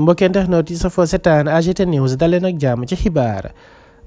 mbokki internet yi safoo setaan AGT news daleen ak jàmm ci xibaar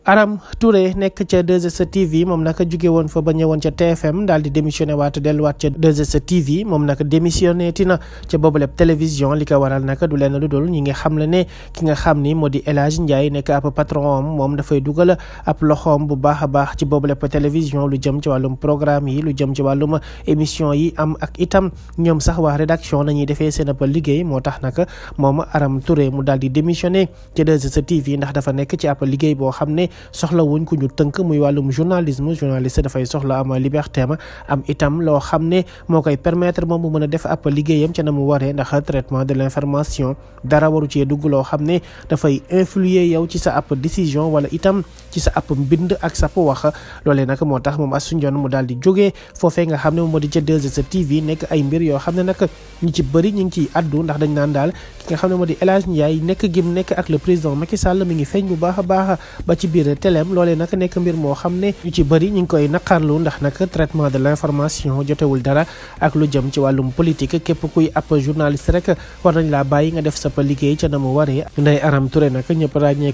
Aram Touré nekk ca 2STV moom nag jóge woon fa ba ñëwoon ca TFM daal di démissionné waat delluwaat ca 2STV moom nag démissionné ti na ca boobaleb télévision li ko waral nag du leen lu dul ñi nga xam la ne ki nga xam ni moo di El Ndiaye nekk ab patron am moom dafay dugal ab loxoom bu baax a baax ci boobaleb télévision lu jëm ci wàllum programme yi lu jëm ci wàllum émission yi am ak itam ñoom sax waa rédaction nañuy defee seen ab liggéey moo tax nag moom Aram Touré mu daal di démissionné ca 2STV ndax dafa nekk ci app liggéey boo xam ne soxla wuñ ko ñu tënk muy wàllum journalisme journaliste dafay soxla am liberté ma am itam loo xam ne moo koy permettre moom mu mën a def ab liggéeyam ca na mu waree ndax traitement de l'information dara waru cee dugg loo xam ne dafay influer yow ci sa app décision wala itam ci sa app mbind ak sapp wax loolee nag moo tax moom Astou Ndione mu daal di jógee foofee nga xam ne moom moo di ca 2STV nekk ay mbir yoo xam ne nag ñu ci bëri ñu ngi ciy addu ndax dañ naan daal ki nga xam ne moo di El Ndiaye nekk nekk ak le président Macky Sall mi ngi feeñ bu baax a baax ba ci biir nekk mbir moo xam ne ñu ci bëri ñu ngi koy naqarlu ndax nag traitement de l'information jotewul dara ak lu jëm ci wàllum politique képp kuy ab journaliste rek war nañ laa bàyyi nga def sa liggéey ca na mu waree Ndeye Aram Touré nag ñëpp ràññee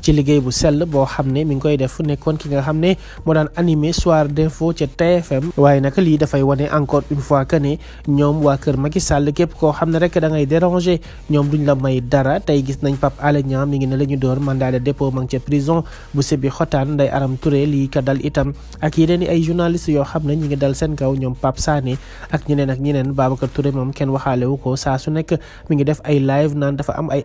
ci liggéey bu sell boo xam ne mi ngi koy def nekkoon ki nga xam ne moo daan animé soir d'info ca TFM waaye nag lii dafay wane encore une fois que ne ñoom waa kër Macky Sall képp koo xam ne rek da ngay déranger ñoom duñ la may dara tey gis nañ Pape Alé Niang mi ngi ne la ñu door mandat de dépo ma ngi prison bu Sébi Xotaan Ndeye Aram Touré lii ka dal itam ak yeneen i ay journalistes yoo xam ne ñi ngi dal seen kaw ñoom Pape Sané ak ñeneen ak ñeneen Babacar Touré moom kenn waxaale wu saa su nekk mi ngi def ay live naan dafa am ay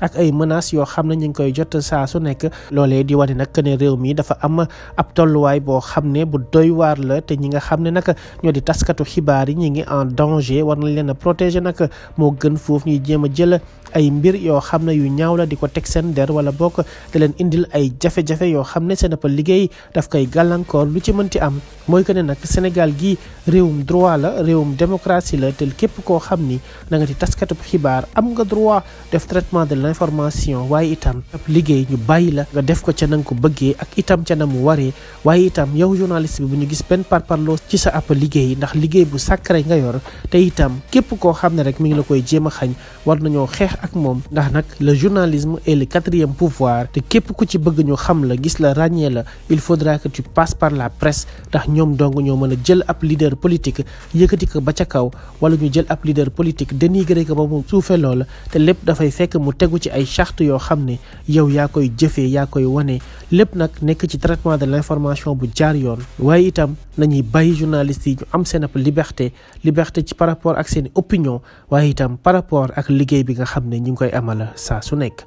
ak ay menaces yoo xam ne ñu ngi koy jot saa su nekk loolee di wane nag ne réew mii dafa am ab tolluwaay boo xam ne bu doy waar la te ñi nga xam ne nag ñoo di taskatu xibaar yi ñi ngi en danger war nañ leen a protéger nag moo gën foofu ñuy jéem a jël ay mbir yoo xam ne yu ñaaw la di ko teg seen der wala bokk da leen indil ay jafe-jafe yoo xam ne seen liggéey daf koy gàllankoor lu ci mënti am mooy que ne nag Sénégal gi réewum droit la réewum démocratie la te képp koo xam ni da nga ci taskatub xibaar am nga droit def traitement de l'information waaye itam ab liggéey ñu bàyyi la nga def ko ca na ko bëggee ak itam ca na mu waree waaye itam yow journaliste bi bu ñu gis par parparloo ci sa ab liggéey ndax liggéey bu sacré nga yor te itam képp koo xam ne rek mu ngi la koy jéem a xañ war nañoo xeex ak moom ndax nag le journalisme est le quatrième pouvoir te képp ku ci bëgg ñu xam la gis la ràññee la il faudra que tu passes par la presse ndax ñoom dong ñoo mën a jël ab leader politique yëkkati ba ca kaw wala ñu jël ab leader politique dénigré ko ba mu suufee loola te lépp dafay fekk mu tegu ci ay charte yoo xam ne yow yaa koy jëfee yaa koy wanee lépp nag nekk ci traitement de l'information bu jaar yoon waaye itam nañuy bàyyi journalistes yi ñu am seen ab liberté liberté ci par rapport ak seen opinion waaye itam par rapport ak liggéey bi nga xam ne ñu ngi koy amal saa su nekk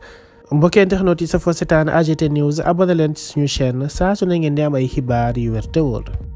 mbokki internet yi safoo seetaan AGT News abonné leen ci suñu chaîne saa su ne ngeen di am ay xibaar yu werte te